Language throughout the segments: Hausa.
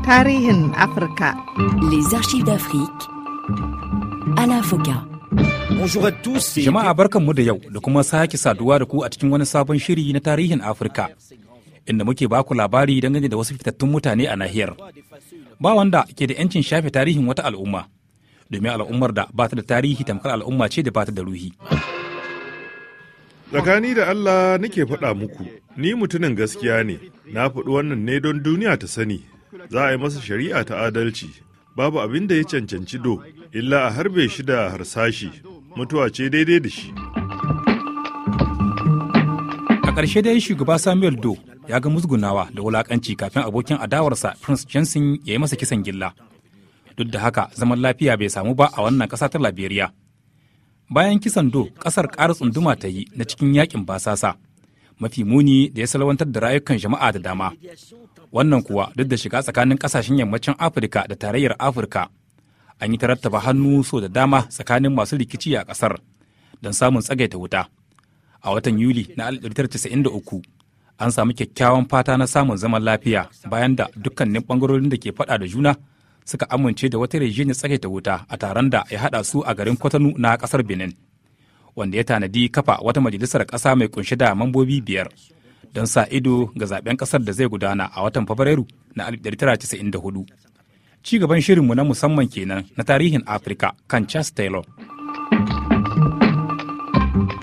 Tarihin Afrika. Les archives d'Afrique. Alain Foka. Jama'a barkanmu da yau da kuma sake saduwa da ku a cikin wani sabon shiri na tarihin Afirka. Inda muke baku labari dangane da wasu fitattun mutane a nahiyar. Ba wanda ke da 'yancin shafe tarihin wata al'umma. Domin al'ummar da ba ta da tarihi tamkar al'umma ce da ba ta da ruhi. Tsakani da Allah nake faɗa muku, ni mutumin gaskiya ne, na faɗi wannan ne don duniya ta sani, za a yi masa shari'a ta adalci, babu abin da ya cancanci do, illa a harbe shi da harsashi, mutuwa ce daidai da shi. A ƙarshe dai shugaba Samuel Do ya ga musgunawa da wulakanci kafin abokin adawarsa Prince Jensen ya yi masa kisan gilla. Duk da haka zaman lafiya bai samu ba a wannan ƙasa ta Liberia. bayan kisan do kasar kara tsunduma ta yi na cikin yakin basasa mafi muni da ya salwantar da rayukan jama'a da dama wannan kuwa duk da shiga tsakanin kasashen yammacin afirka da tarayyar afirka an yi tarattaba hannu so da dama tsakanin masu rikici a kasar don samun tsagaita wuta a watan yuli na 1993 an samu kyakkyawan fata na samun zaman lafiya bayan da dukkanin bangarorin da ke fada da juna suka amince da wata rijiyar ta wuta a taron da ya haɗa su a garin kwatano na ƙasar benin wanda ya tanadi kafa wata majalisar ƙasa mai kunshe da mambobi biyar don sa ido ga zaben ƙasar da zai gudana a watan fabrairu na 1994 ci gaban shirin mu na musamman kenan na tarihin afirka kan charles taylor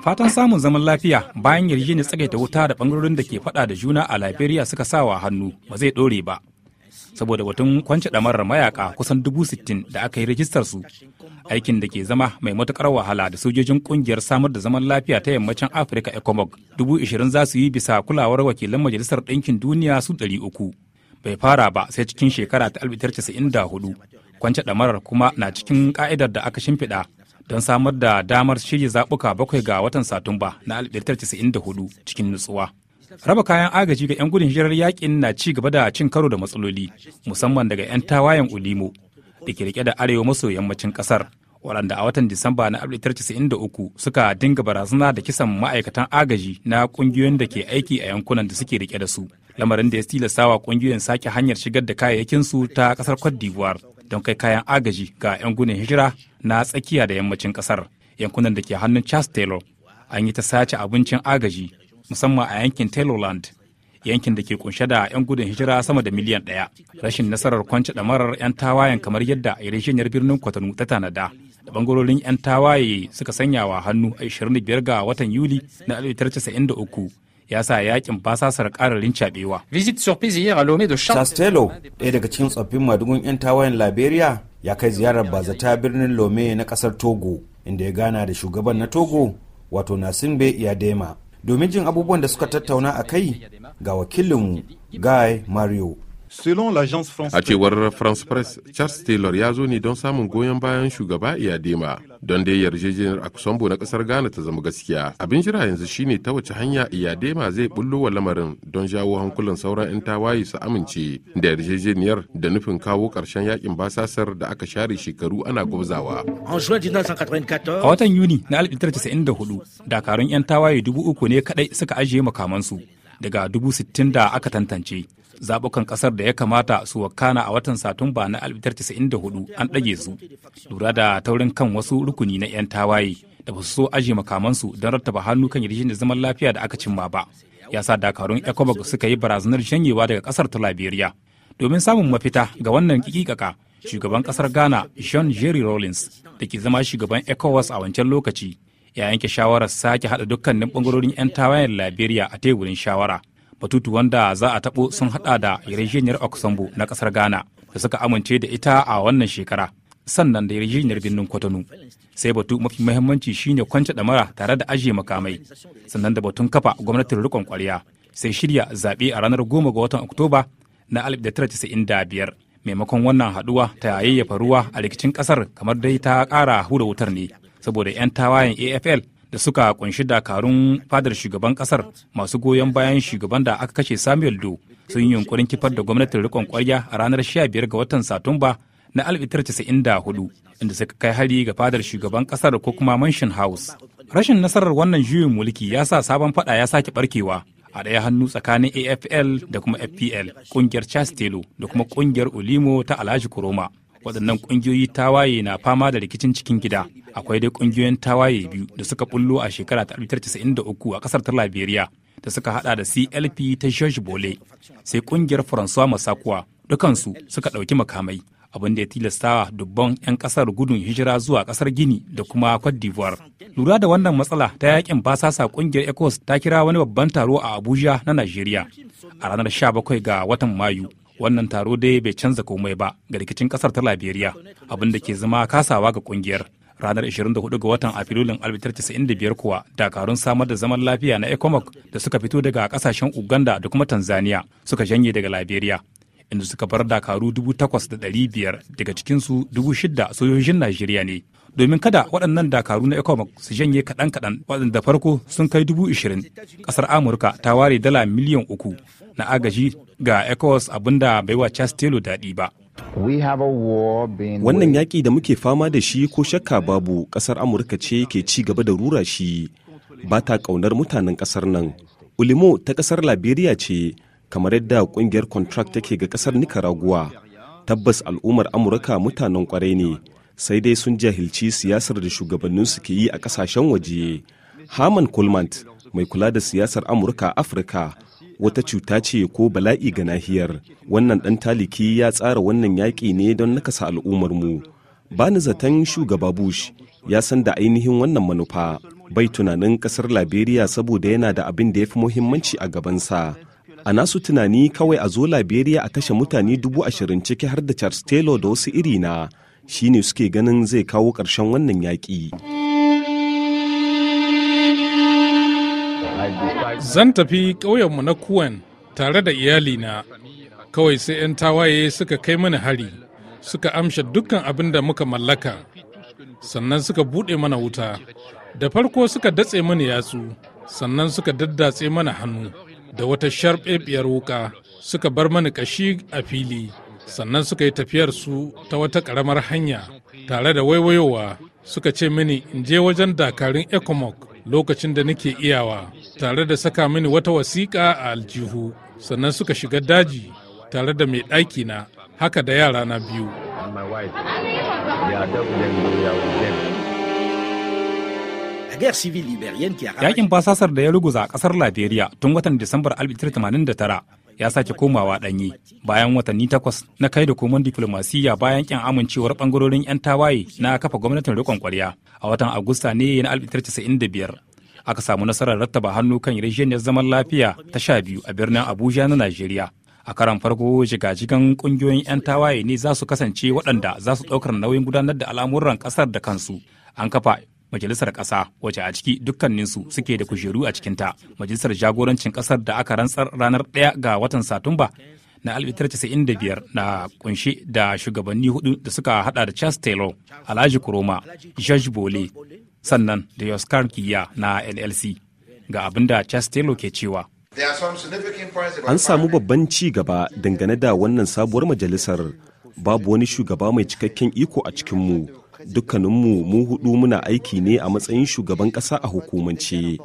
fatan samun zaman lafiya bayan yarjejeniyar tsagaita wuta da bangarorin da ke fada da juna a liberia suka sawa hannu ba zai dore ba saboda batun kwance ɗamarar mayaka kusan dubu sittin da aka yi rijistar su aikin da ke zama mai matukar wahala da sojojin kungiyar samar da zaman lafiya ta yammacin afirka ecomog dubu ishirin za su yi bisa kulawar wakilan majalisar ɗinkin duniya su ɗari uku bai fara ba sai cikin shekara ta da hudu kwance ɗamarar kuma na cikin ka'idar da aka shimfiɗa don samar da damar shirya zaɓuka bakwai ga watan satumba na hudu cikin nutsuwa. Raba kayan agaji ga 'yan gudun hijirar yakin na ci gaba da cin karo da matsaloli, musamman daga 'yan tawayen Ulimo da ke rike da arewa maso yammacin kasar waɗanda a watan Disamba na 1993 suka dinga barazana da kisan ma'aikatan agaji na ƙungiyoyin da ke aiki a yankunan da suke rike da su. Lamarin da ya tilastawa ƙungiyoyin sake hanyar shigar da kayayyakin su ta kasar Cote d'Ivoire don kai kayan agaji ga 'yan gudun hijira na tsakiya da yammacin ƙasar, yankunan da ke hannun Charles Taylor. An yi ta sace abincin agaji musamman a yankin Tayloland, yankin da ke kunshe da 'yan gudun hijira sama da miliyan ɗaya. Rashin nasarar kwance ɗamarar 'yan tawayen kamar yadda irishiyar birnin Kwatanu ta tanada. Da bangarorin 'yan tawaye suka sanyawa hannu a 25 ga watan Yuli na 1993 ya sa yakin basasar kararin cabewa. Visit ɗaya daga cikin tsoffin madugun 'yan tawayen Liberia, ya kai ziyarar bazata birnin lome na ƙasar Togo, inda ya gana da shugaban na Togo, wato Nasimbe Iyadema. domin jin abubuwan da suka tattauna a kai ga wakilinmu guy mario Selon l'agence France A cewar France Press, Charles Taylor ya zo ne don samun goyon bayan shugaba Iyadema don dai yarjejeniyar Akusombo na kasar Ghana ta zama gaskiya. Abin jira yanzu shine ta wace hanya Iyadema zai bullo wa lamarin don jawo hankulan sauran 'yan tawaye su amince da yarjejeniyar da nufin kawo karshen yakin basasar da aka share shekaru ana gwabzawa. A watan Yuni na 1994, dakarun 'yan tawaye dubu uku ne kadai suka ajiye makamansu daga dubu sittin da aka tantance. zaɓukan ƙasar da ya kamata su wakana a watan satumba na 1994 an ɗage su lura da taurin kan wasu rukuni na 'yan tawaye da ba su so aje makamansu don rattaba hannu kan yarjejeniyar zaman lafiya da aka cimma ba ya sa dakarun ecobag suka yi barazanar shanyewa daga ƙasar ta liberia domin samun mafita ga wannan kikikaka shugaban ƙasar ghana john jerry rawlins da ke zama shugaban ecowas a wancan lokaci ya yanke shawarar sake haɗa dukkanin ɓangarorin 'yan tawayen liberia a teburin shawara batutu wanda za a tabo sun hada da yarjejeniyar oksambu na kasar ghana da suka amince da ita a wannan shekara sannan da yarjejeniyar birnin kwatano sai batu mafi mahimmanci shine kwance mara tare da ajiye makamai sannan da batun kafa gwamnatin rikon kwariya sai shirya zaɓe a ranar 10 ga watan oktoba na 1995 maimakon wannan haduwa ta yayyafa ruwa a rikicin kasar kamar dai ta kara hura wutar ne saboda 'yan tawayen afl da suka kunshi dakarun fadar shugaban kasar masu goyon bayan shugaban da aka kashe samuel do sun yi yunkurin kifar da gwamnatin rikon kwarya a ranar 15 ga watan satumba na 1994 inda suka kai hari ga fadar shugaban kasar ko kuma mansion house rashin nasarar wannan juyin mulki ya sa sabon fada ya sake barkewa a ɗaya hannu tsakanin afl da kuma fpl ƙungiyar chastelo da kuma ƙungiyar olimo ta alhaji kuroma waɗannan ƙungiyoyi tawaye na fama da rikicin cikin gida akwai dai ƙungiyoyin tawaye biyu da suka bullo a shekara ta 1993 a ƙasar ta liberia da suka haɗa da clp ta george bole sai ƙungiyar francois masakuwa dukansu suka ɗauki makamai abin da ya tilastawa dubban 'yan ƙasar gudun hijira zuwa ƙasar gini da kuma cote d'ivoire lura da wannan matsala ta yakin basasa ƙungiyar ecos ta kira wani babban taro a abuja na nigeria a ranar 17 ga watan mayu wannan taro dai bai canza komai ba ga rikicin kasar ta liberia abin da ke zama kasawa ga kungiyar ranar 24 ga watan afrilun 1995 kuwa dakarun samar da zaman lafiya na ecomoc da suka fito daga kasashen uganda da kuma tanzania suka janye daga liberia inda suka bar dakaru 8,500 daga cikinsu 6,000 sojojin najeriya ne domin kada waɗannan dakaru na ecomoc su janye kaɗan-kaɗan waɗanda farko sun kai 20,000 ƙasar amurka ta ware dala miliyan uku na agaji ga ECOWAS abinda bai wa Chastelo daɗi ba. Wannan yaƙi da muke fama da shi ko shakka babu ƙasar Amurka ce ke ci gaba da rura shi ba ta ƙaunar mutanen ƙasar nan. Ulimo ta ƙasar Liberia ce kamar yadda ƙungiyar contract take ga ƙasar Nicaragua. Tabbas al'ummar Amurka mutanen ƙwarai ne sai dai sun jahilci siyasar da shugabanninsu ke yi a ƙasashen waje. Haman Kulmant mai kula da siyasar Amurka Afirka wata cuta ce ko bala'i ga nahiyar wannan ɗan taliki ya tsara wannan yaƙi ne don nakasa al'ummarmu ba ni zaton shugaba bush ya san da ainihin wannan manufa bai tunanin ƙasar liberia saboda yana da abin da ya fi muhimmanci a gabansa a nasu tunani kawai a zo liberia a kashe mutane dubu ashirin ciki har da charles taylor da wasu iri irina shine suke ganin zai kawo ƙarshen wannan yaƙi. Zan tafi ƙauyenmu na Kuwan tare da iyalina, kawai sai 'yan tawaye suka kai mana hari, suka amsha dukkan abin da muka mallaka, sannan suka buɗe mana wuta. Da farko suka datse mana yatsu, sannan suka daddatse mana hannu da wata sharɓeɓiyar wuka, suka bar mana ƙashi a fili. sannan suka yi tafiyar su ta wata ƙaramar hanya tare da waiwayowa suka ce mini in je wajen dakarun ecomog lokacin da nake iyawa tare da saka mini wata wasiƙa a aljihu sannan suka shiga daji tare da mai ɗaki na haka da yara na biyu yaƙin basasar da ya ruguza a ƙasar Liberia tun watan Disambar 1989 ya sake komawa ɗanyi bayan watanni takwas na kai da koman diflomasiyya bayan kyan amincewar bangarorin 'yan tawaye na kafa gwamnatin rikon kwarya a watan agusta ne na biyar aka samu nasarar rattaba hannu kan rijiyar zaman lafiya ta sha biyu a birnin abuja na najeriya a karan farko jigajigan kungiyoyin 'yan tawaye ne za su kasance waɗanda za su ɗaukar nauyin gudanar da al'amuran ƙasar da kansu an kafa majalisar ƙasa wacce a ciki dukkaninsu suke da kujeru a cikinta majalisar jagorancin ƙasar da aka rantsar ranar 1 ga watan satumba na 1995 na kunshe da shugabanni hudu da suka hada da Charles Taylor, Alhaji Kuroma, George Bole, sannan da Yoskar Kiya na NLC. Ga abinda da Charles Taylor ke cewa. An samu babban ci gaba dangane da wannan sabuwar majalisar babu wani shugaba mai cikakken iko a cikinmu. dukkaninmu mu hudu muna aiki ne a matsayin shugaban ƙasa a hukumance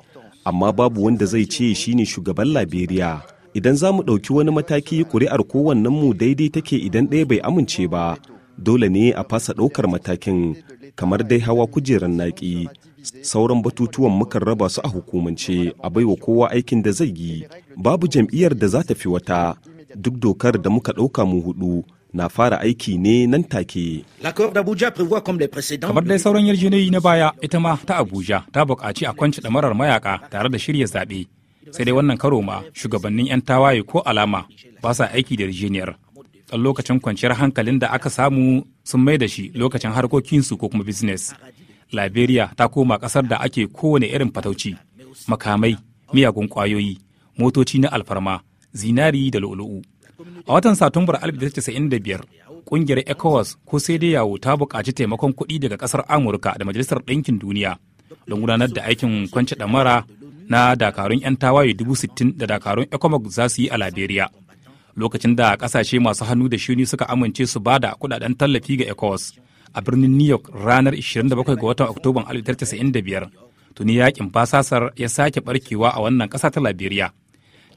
amma babu wanda zai ce shine shugaban liberia idan za mu ɗauki wani mataki ƙuri'ar mu daidai take idan ɗaya bai amince ba dole ne a fasa ɗaukar matakin kamar dai hawa kujerar naƙi sauran batutuwan mukan raba su a hukumance a baiwa kowa aikin da zai yi babu jam'iyyar da za ta fi wata duk dokar da muka ɗauka mu hudu na fara aiki ne nan take. Kamar dai sauran yarjejeniyoyi na baya ita ma ta Abuja ta buƙaci a kwanci ɗamarar mayaka tare da shirya zaɓe. Sai dai wannan karo ma shugabannin 'yan tawaye ko alama ba sa aiki da yarjejeniyar. Ɗan lokacin kwanciyar hankalin da aka samu sun mai da shi lokacin harkokinsu ko kuma business. Liberia ta koma ƙasar da ake kowane irin fatauci, makamai, miyagun ƙwayoyi, motoci na alfarma, zinari da lu'ulu'u. A watan Satumbar 1995, ƙungiyar ECOWAS ko sai dai yawo ta buƙaci taimakon kuɗi daga ƙasar Amurka da Majalisar Ɗinkin Duniya don gudanar da aikin kwance ɗamara na dakarun 'yan tawaye sittin da dakarun ECOMOG za su yi a Liberia. Lokacin da ƙasashe masu hannu da shuni suka amince su ba da kuɗaɗen tallafi ga ECOWAS a birnin New York ranar 27 ga watan Oktoban 1995, tuni yakin basasar ya sake ɓarkewa a wannan ƙasa ta Liberia.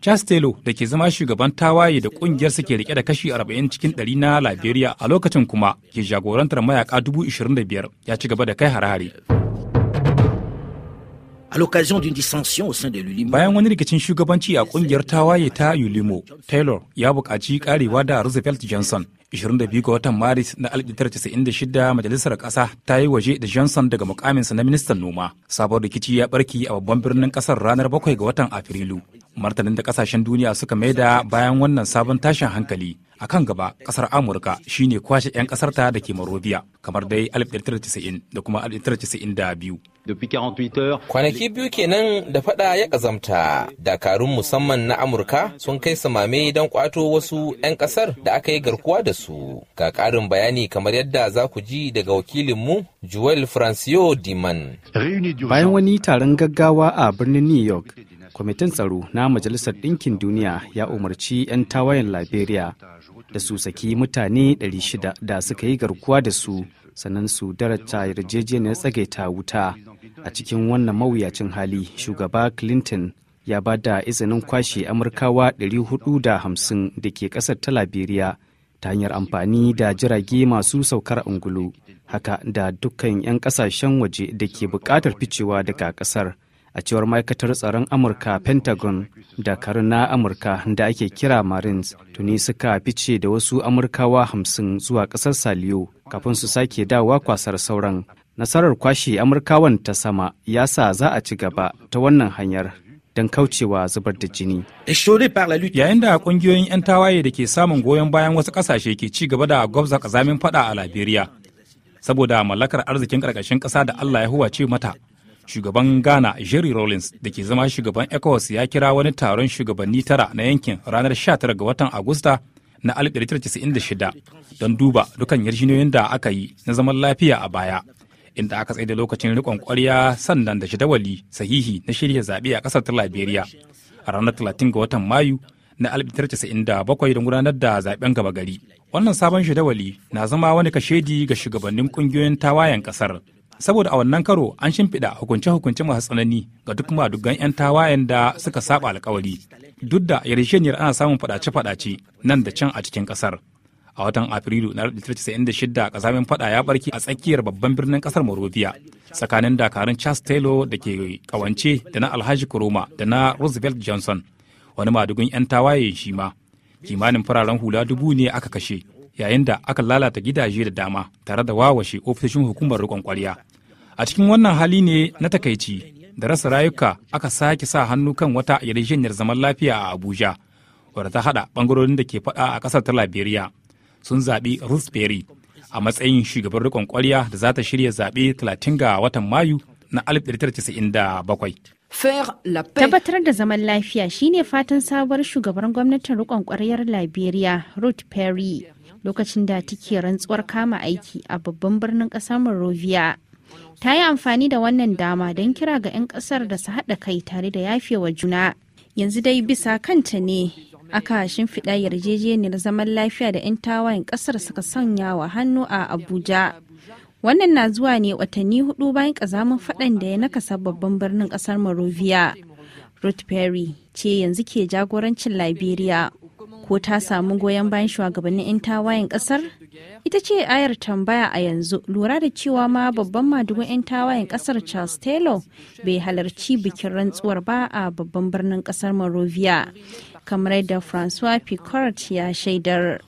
Charles da ke zama shugaban tawaye da kungiyar su ke rike da kashi 40 cikin 100 na Liberia a lokacin kuma ke jagorantar mayaka 25,000 ya ci gaba da kai harare. Bayan wani rikicin shugabanci a kungiyar tawaye ta Ulimo, Taylor ya buƙaci karewa da Roosevelt Johnson. 22 ga watan Maris na 1996 Majalisar Ƙasa ta yi waje da Johnson daga mukaminsa na ministan noma. Sabon rikici ya barki a babban birnin ƙasar ranar 7 ga watan Afrilu. martanin da kasashen duniya suka mai da bayan wannan sabon tashin hankali a kan gaba kasar amurka shine kwashe 'yan kasarta da ke morovia kamar dai 1990 da kuma 1992 kwanaki biyu kenan da fada ya kazamta dakarun musamman na amurka sun kai samame don kwato wasu 'yan kasar da aka yi garkuwa da su ga karin bayani kamar yadda za ku ji daga wakilinmu joel francio diman bayan wani taron gaggawa a birnin new york kwamitin tsaro na majalisar ɗinkin duniya ya umarci 'yan tawayen liberia da su saki mutane 600 da suka yi garkuwa da su sannan su darata yarjejeniyar tsagaita wuta a cikin wannan mawuyacin hali shugaba clinton ya ba da izinin kwashe amurkawa 450 da ke ƙasar ta liberia ta hanyar amfani da jirage masu saukar ungulu haka da dukkan 'yan kasashen waje da ke bukatar ficewa daga ƙasar a cewar ma'aikatar tsaron amurka pentagon karin na amurka da ake kira marines tuni suka fice da wasu amurkawa hamsin zuwa kasar saliyo kafin su sake dawa kwasar sauran nasarar kwashe amurkawan ta sama ya sa za a ci gaba ta wannan hanyar don kaucewa zubar da jini. Yayin da kungiyoyin 'yan tawaye da ke samun goyon bayan wasu ƙasashe ke ci gaba da gwabza kazamin fada a Liberia, saboda mallakar arzikin ƙarƙashin ƙasa da Allah ya huwace mata, shugaban ghana jerry rawlings da ke zama shugaban ecowas ya kira wani taron shugabanni tara na yankin ranar 19 ga watan agusta na 1996 don duba dukan yarjinoyin da aka yi na zaman lafiya a baya inda aka tsaye da lokacin rikon kwarya sannan da shidawali sahihi na shirya zaɓe a ƙasar ta liberia a ranar 30 ga watan mayu na 1997 don gudanar da zaɓen gaba gari wannan sabon shidawali na zama wani kashedi ga shugabannin ƙungiyoyin tawayen ƙasar saboda a wannan karo an shimfiɗa hukunce-hukunce masu tsanani ga duk madugan 'yan tawayen da suka saba alkawari duk da yarjejeniyar ana samun fadace-fadace nan da can a cikin kasar. a watan afrilu na 1996 kasamin fada ya barki a tsakiyar babban birnin kasar morovia tsakanin dakarun charles taylor da ke kawance da na alhaji kuroma da na roosevelt johnson wani madugun 'yan tawaye shi ma kimanin fararen hula dubu ne aka kashe yayin da aka lalata gidaje da dama tare da wawashe ofisoshin hukumar rikon kwarya a cikin wannan hali ne na takaici da rasa rayuka aka sake sa hannu kan wata yarjejeniyar zaman lafiya a abuja wadda ta hada bangarorin da ke fada a kasar ta liberia sun zaɓi ruth perry a matsayin shugaban rikon kwarya da za ta shirya zaɓe 30 ga watan mayu na 1997 Tabbatar da zaman lafiya shine fatan sabuwar shugaban gwamnatin rikon kwaryar Liberia, Ruth Perry, lokacin da take rantsuwar kama aiki a babban birnin ƙasar Monrovia. ta yi amfani da wannan dama don kira ga 'yan kasar da su haɗa kai tare da yafewa juna yanzu dai bisa kanta ne aka shimfiɗa yarjejeniyar zaman lafiya da 'yan tawayen kasar suka sanya wa hannu a abuja wannan na zuwa ne watanni hudu bayan kazamin faɗan da ya nakasa babban birnin kasar morovia ruth perry ce yanzu ke jagorancin liberia ko ta samu goyon bayan shugabannin 'yan tawayen kasar Ita ce ayar tambaya a yanzu lura da cewa ma babban madugun 'yan tawayen kasar Charles Taylor bai halarci bikin rantsuwar ba a babban birnin kasar Monrovia kamar da Francois Picard ya shaidar.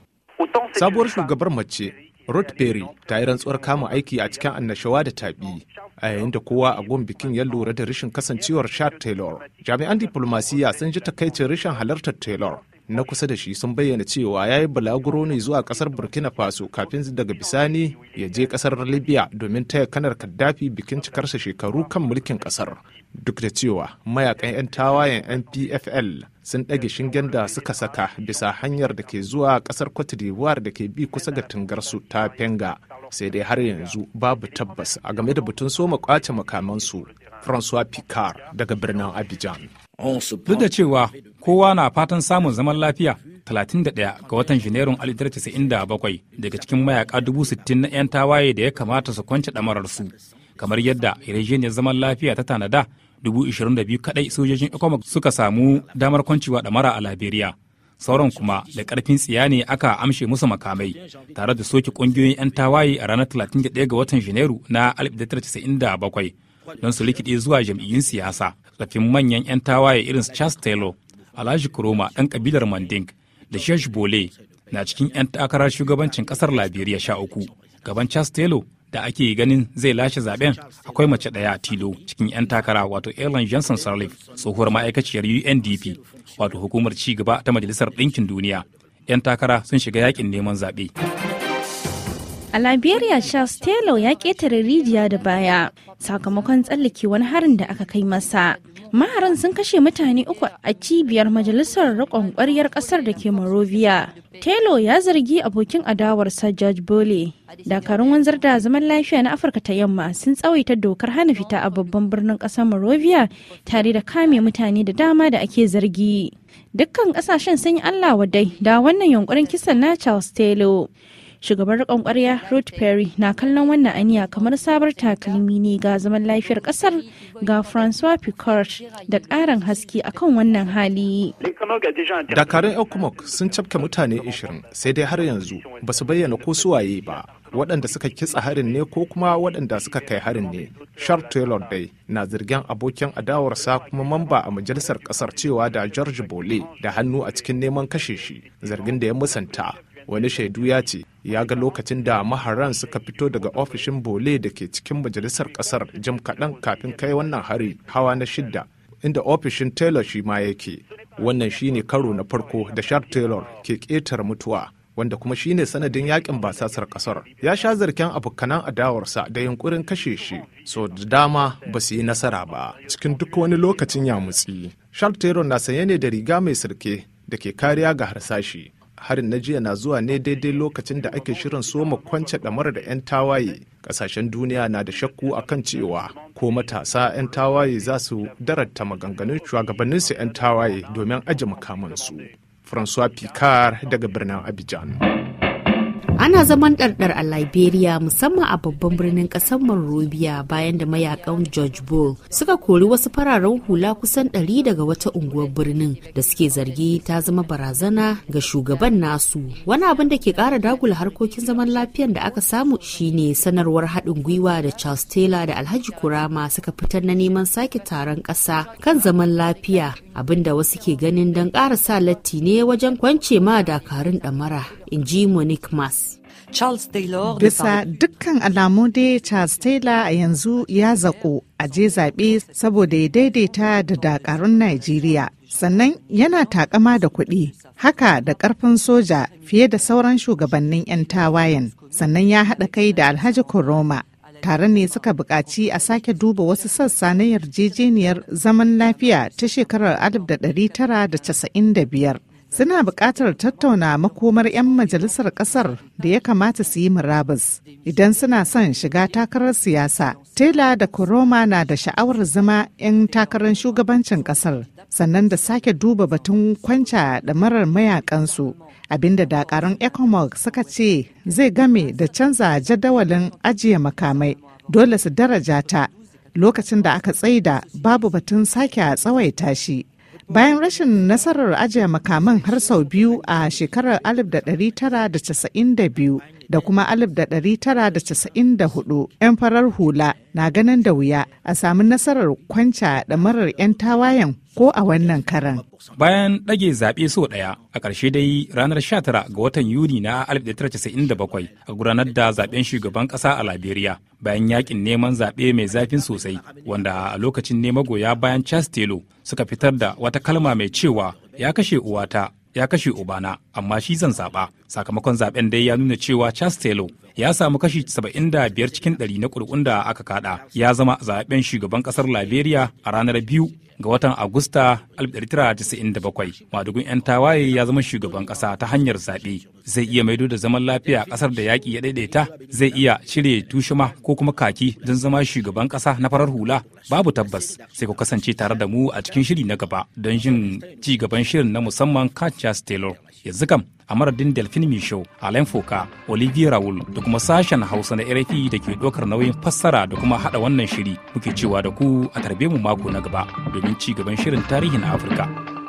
Sabuwar shugabar mace Ruth Perry ta yi rantsuwar kama aiki a cikin annashawa da tabi a yayin da kowa a gun bikin ya lura da rashin kasancewar Shad Taylor. Jami'an diplomasiyya sun ji takaicin rashin halartar Taylor na kusa da shi sun bayyana cewa ya yi balaguro ne zuwa kasar burkina faso kafin daga bisani ya je kasar libya domin taya kanar kaddafi bikin cikarsa shekaru kan mulkin kasar duk da cewa mayakan 'yan tawayen npfl sun ɗage shingen da suka saka bisa hanyar da ke zuwa kasar cote d'ivoire da ke bi kusa ga tungarsu ta penga sai dai har yanzu babu tabbas a game da batun soma kwace makamansu Francois Picard daga birnin Abidjan. Duk da cewa kowa na fatan samun zaman lafiya 31 ga watan Janairun 1997 daga cikin mayaka 60,000 na 'yan tawaye da ya kamata su kwance damararsu kamar yadda yarjejeniyar zaman lafiya ta tanada 22,000 kadai sojojin ECOMOG suka samu damar kwancewa damara a Liberia. sauran kuma da karfin tsiya ne aka amshe musu makamai tare da soke kungiyoyin 'yan tawaye a ranar 31 ga watan janairu na 1997 don su rikide zuwa jam'iyyun siyasa tsaffin manyan 'yan tawaye irin charles taylor alhaji kuroma ɗan kabilar manding da shesh bole na cikin 'yan takarar shugabancin ƙasar liberia sha uku gaban charles taylor da ake ganin zai lashe zaben akwai mace ɗaya a tilo cikin 'yan takara wato ellen johnson sirleaf tsohuwar ma'aikaciyar undp wato hukumar ci gaba ta majalisar ɗinkin duniya 'yan takara sun shiga yakin neman zaɓe. A Liberia, Charles Taylor ya ƙetare rijiya da baya sakamakon tsallake wani harin da aka kai masa. Maharan sun kashe mutane uku a cibiyar majalisar rikon ƙwaryar ƙasar da ke Morovia. Taylor ya zargi abokin adawarsa George Bole. Dakarun wanzar da zaman lafiya na Afirka ta yamma sun tsawaita dokar hana fita a babban birnin ƙasar Morovia tare da kame mutane da dama da ake zargi. Dukkan ƙasashen sun yi Allah wadai da wannan yunkurin kisan na Charles Taylor. shugabar rikon kwarya ruth perry na kallon wannan aniya kamar sabar takalmi ne ga zaman lafiyar kasar ga francois picard da karin haske akan wannan hali dakarun ekumok sun cafke mutane 20 sai dai har yanzu ba su bayyana ko suwaye ba waɗanda suka kitsa harin ne ko kuma waɗanda suka kai harin ne Charles Taylor dai na zirgin abokin adawarsa kuma mamba a majalisar ƙasar cewa da George Bole da hannu a cikin neman kashe shi zargin da ya musanta wani shaidu ya ce ya ga lokacin da maharan suka fito daga ofishin bole da ke cikin majalisar kasar jim kaɗan kafin kai wannan hari hawa na shidda inda ofishin taylor shi ma yake wannan shine karo na farko da shar taylor ke ƙetar mutuwa wanda kuma shine sanadin yakin basasar kasar ya sha zarken abokanan adawarsa da yunkurin kashe shi so da dama ba su yi nasara ba cikin duk wani lokacin yamutsi shar taylor na sanye ne da riga mai sirke da ke kariya ga harsashi harin na jiya na zuwa ne daidai lokacin da ake shirin soma kwance damar da 'yan tawaye ƙasashen duniya na da shakku a kan cewa ko matasa 'yan tawaye za su darata maganganun shugabanninsu 'yan tawaye domin aji makamansu francois picard daga birnin abidjan Ana zaman ɗarɗar a Liberia musamman a babban birnin ƙasar Monrovia bayan da mayakan George Bull suka kori wasu fararen hula kusan 100 daga wata unguwar birnin da suke zargi ta zama barazana ga shugaban nasu. Wani abin da ke ƙara dagula harkokin zaman lafiyan da aka samu shine sanarwar haɗin gwiwa da Charles Taylor da Alhaji Kurama suka fitar na neman sake taron ƙasa kan zaman lafiya abinda wasu ke ganin don ƙara sa latti ne wajen kwance ma dakarun damara in ji monique mas Charles Bisa dukkan alamu dai Charles Taylor a yanzu ya zaƙo a je zaɓe saboda ya daidaita da dakarun Najeriya. Sannan yana takama da kuɗi, haka da ƙarfin soja fiye da sauran shugabannin 'yan tawayen. Sannan ya haɗa kai da Alhaji Koroma taron ne suka buƙaci a sake duba wasu sassa na yarjejeniyar zaman lafiya ta shekarar 1995 suna buƙatar tattauna makomar 'yan majalisar ƙasar da ya kamata su yi murabus idan suna son shiga takarar siyasa taylor da kuroma na da sha'awar zama 'yan takarar shugabancin ƙasar sannan da sake duba batun kwanca da marar mayakansu abinda dakarun ecomog suka ce zai game da canza jadawalin ajiye makamai dole su daraja ta lokacin da aka tsaida babu batun sake a tsawaita shi bayan rashin nasarar ajiye makaman har sau biyu a shekarar 1992 da kuma 1994 'yan farar hula na ganin da wuya a sami nasarar kwanca da marar 'yan tawayen ko a wannan karan. Bayan ɗage zaɓe so ɗaya a ƙarshe dai ranar 19 ga watan Yuni na 1997 a gudanar da zaɓen shugaban ƙasa a Liberia bayan yakin neman zaɓe mai zafin sosai wanda a lokacin ne magoya bayan Charles Taylor suka fitar da wata kalma mai cewa ya kashe uwata ya kashe obana amma shi zan zaɓa sakamakon zaben dai ya nuna cewa charles taylor ya samu kashi biyar cikin 100 na ƙuri'un da aka kada ya zama zaben shugaban ƙasar liberia a ranar biyu ga watan Agusta 1997 madugun 'yan tawaye ya zama shugaban kasa ta hanyar zaɓe zai iya maido da zaman lafiya a ƙasar da yaƙi ya daidaita zai iya cire tushuma ko kuma kaki don zama shugaban ƙasa na farar hula babu tabbas sai ku kasance tare da mu a cikin shiri na gaba don jin ci gaban shirin na musamman Katja Taylor yanzu kam a maradin delphin misho alain foka olivier raul da kuma sashen hausa na rfi da ke ɗaukar nauyin fassara da kuma haɗa wannan shiri muke cewa da ku a tarbe mu mako na gaba domin ci gaban shirin tarihin afirka